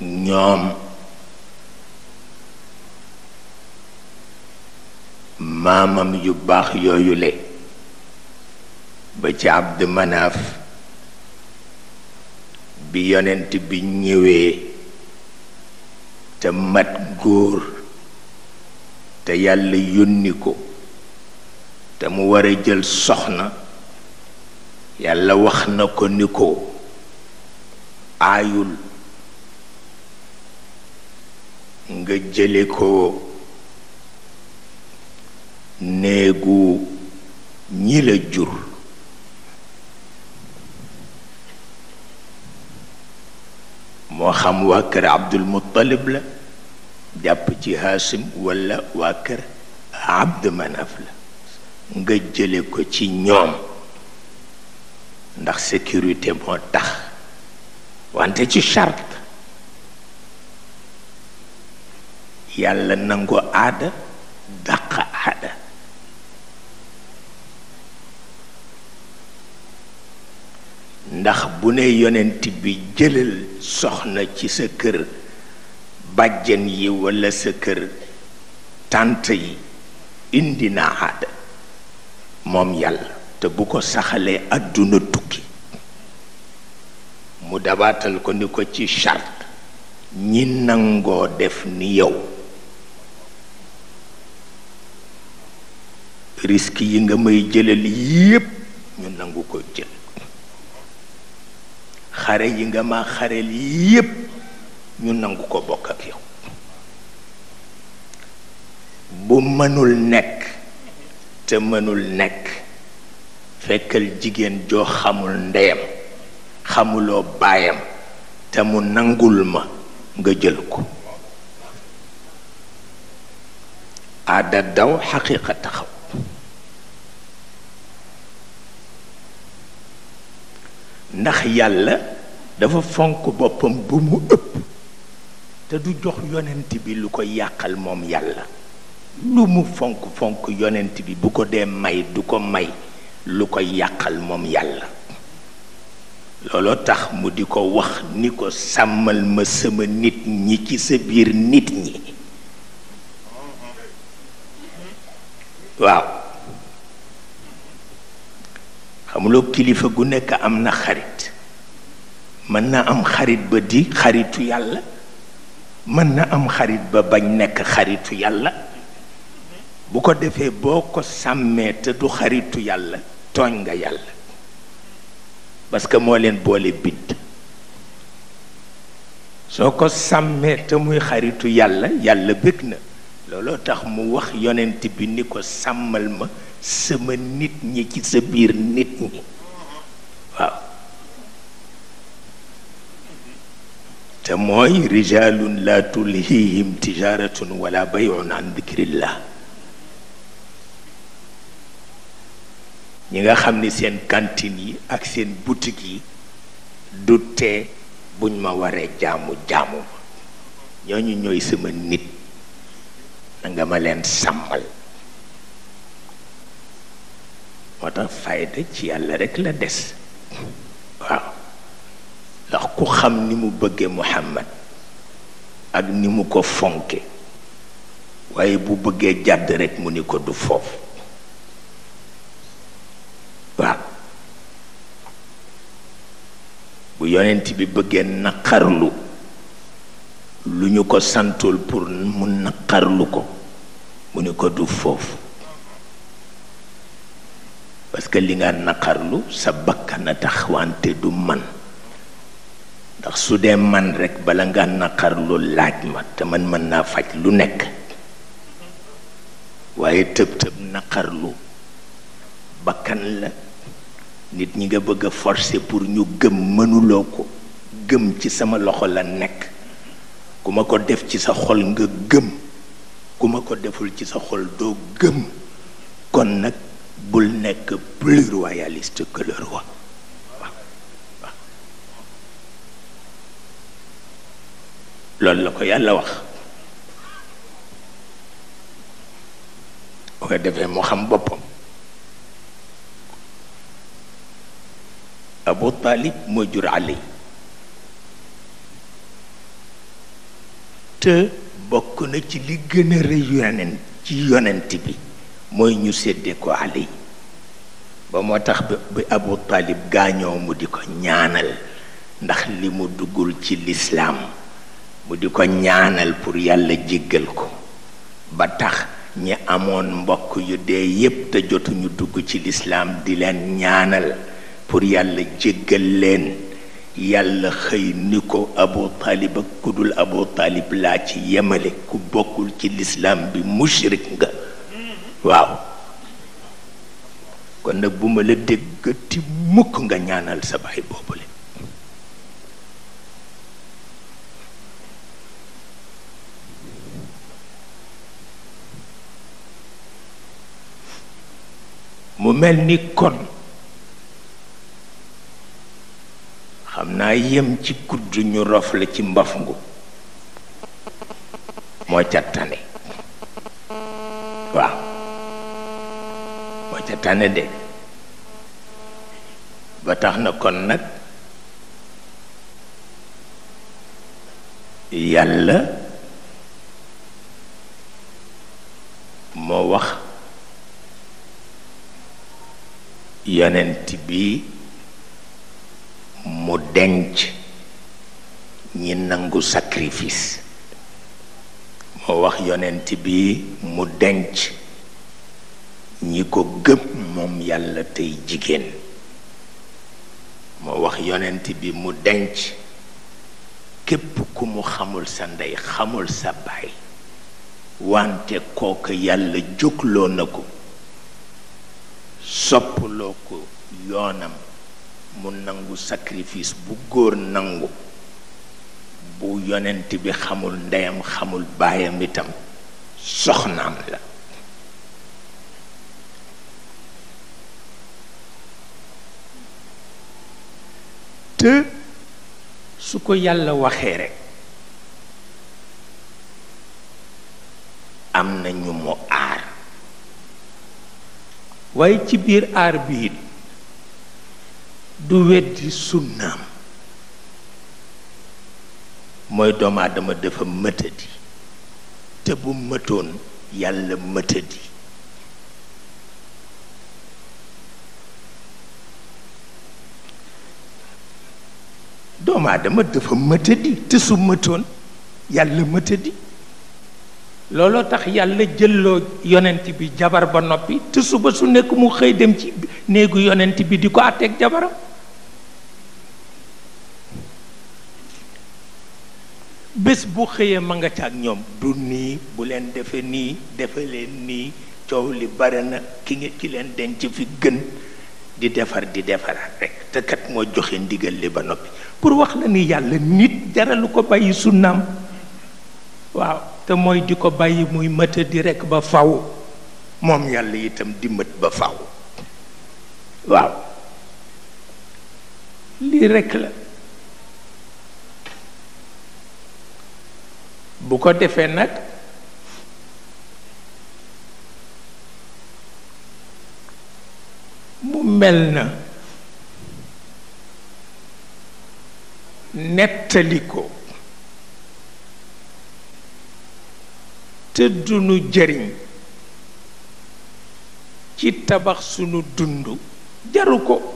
ñoom maamam yu baax yooyule ba ci Abd Manaaf bi yonent bi ñëwee te mat góor te yàlla yónni ko te mu war jël soxna yàlla wax na ko ni ko aayul nga jële ko néegu ñi la jur moo xam waa kër Abdul Muttalib la jàpp ci Haasim walla waa kër Abdu Manaf la nga jële ko ci ñoom ndax sécurité moo tax wante ci charte yàlla nangu aada dàq aada ndax bu ne yonent bi jëlal soxna ci sa kër bàjjen yi walla sa kër tànt yi indi na aada moom yàlla te bu ko saxalee àdduna tukki mu dabaatal ko ni ko ci charte ñi nangoo def ni yow risque yi nga may jëlal yépp ñu nangu ko jël xare yi nga ma xareel yépp ñu nangu ko bokk ak yow bu mënul nekk te mënul nekk fekkal jigéen joo xamul ndeyam xamuloo baayam te mu nangul ma nga jël ko aada daw xaqiiqa taxaw ndax yàlla dafa fonk boppam bu mu ëpp te du jox yonent bi lu ko yàqal moom yàlla lu mu fonk fonk yonent bi bu ko dee may du ko may lu ko yàqal moom yàlla looloo tax mu di ko wax ni ko sàmmal ma sama nit ñi ci sa biir nit ñi waaw xamuloo kilifa gu nek amna xarit man na am xarit ba di xaritu yàlla man na am xarit ba bañ nek xaritu yàlla bu ko defé boko samé te du xaritu yàlla togn nga yàlla parce que mo len bolé bit soko samé te muy xaritu yàlla yàlla bekna looloo tax mu wax yonent bi ni ko sàmmal ma sama nit ñi ci sa biir nit ñi waaw te mooy rijalun la tulhihim tijaratun wala bayun an dikrillah ñi nga xam ni seen cantine yi ak seen boutique yi du tee buñ ma waree jaamu jaamu ma ñooñu ñooy sama nit nga ma leen sàmmal moo tax fayda ci yàlla rekk la des waaw ndax ku xam ni mu bëggee Muhammad ak ni mu ko fonke waaye bu bëggee jàdd rekk mu ni ko du foofu waaw bu yonent bi bëggee naqarlu lu ñu ko santul pour mu naqarlu ko mu ni ko du foofu parce que li nga naqarlu sa bakkan a tax wante du man ndax su dee man rekk bala nga naqarlu laaj ma te mën mën naa faj lu nekk waaye tëb tëb naqarlu bakkan la nit ñi nga bëgg a forcer pour ñu gëm mënuloo ko gëm ci sama loxo la nekk ku ma ko def ci sa xol nga gëm ma ko deful ci sa xol doo gëm kon nag bul nekk plus royaliste que le roi la ko yàlla wax bu defee mu xam boppam Abu Talib moo jur Ali bokk na ci li gën a yonent ci yonent bi mooy ñu séddee ko xale ba moo tax bi Abu Talib gaañoo mu di ko ñaanal ndax li mu duggul ci lislaam mu di ko ñaanal pour yàlla jéggal ko ba tax ñi amoon mbokk yu dee yépp te jotuñu dugg ci lislaam di leen ñaanal pour yàlla jéggal leen yàlla xëy ni ko abu taalib ak ku dul abu taalib laa ci yemale ku bokkul ci lislaam bi mushrik nga waaw kon nag bu ma la déggati mukk nga ñaanal sa baay boobule mu mel ni kon naa yem ci kudd ñu rof la ci mbaf ngu moo ca tane waaw moo ca tane de ba tax na kon nag yàlla moo wax yonent bi mu denc ñi nangu sacrifice moo wax yonent bi mu denc ñi ko gëpp moom yàlla tey jigéen moo wax yonent bi mu denc képp ku mu xamul sa ndey xamul sa baay wante kooku yàlla jógloo na ko soppaloo ko yoonam mu nangu sacrifice bu góor nangu bu yonent bi xamul ndeyam xamul baayam itam soxnaam la te su ko yàlla waxee rekk am na ñu mu aar waaye ci biir aar bi it du weddi sunnaam mooy doomu aadama dafa mëtadi te bu mëtoon yàlla mëtadi looloo tax yàlla jëlloo yonent bi jabar ba noppi te suba su nekk mu xëy dem ci néegu yonent bi di ko àtteeg jabaram bu xëyee ma nga ca ak ñoom du nii bu leen defe nii defe leen nii coow li bare na ki nga ki leen denc fi gën di defar di defaraat rek te kat moo joxe ndigal li ba noppi pour wax la ni yàlla nit jaralu ko bàyyi sunnaam waaw te mooy di ko bàyyi muy mëta di rek ba faw moom yàlla itam di mët ba faw waaw lii rek la bu ko defee nag mu mel na nettali ko te dunu jëriñ ci tabax sunu dund jaru ko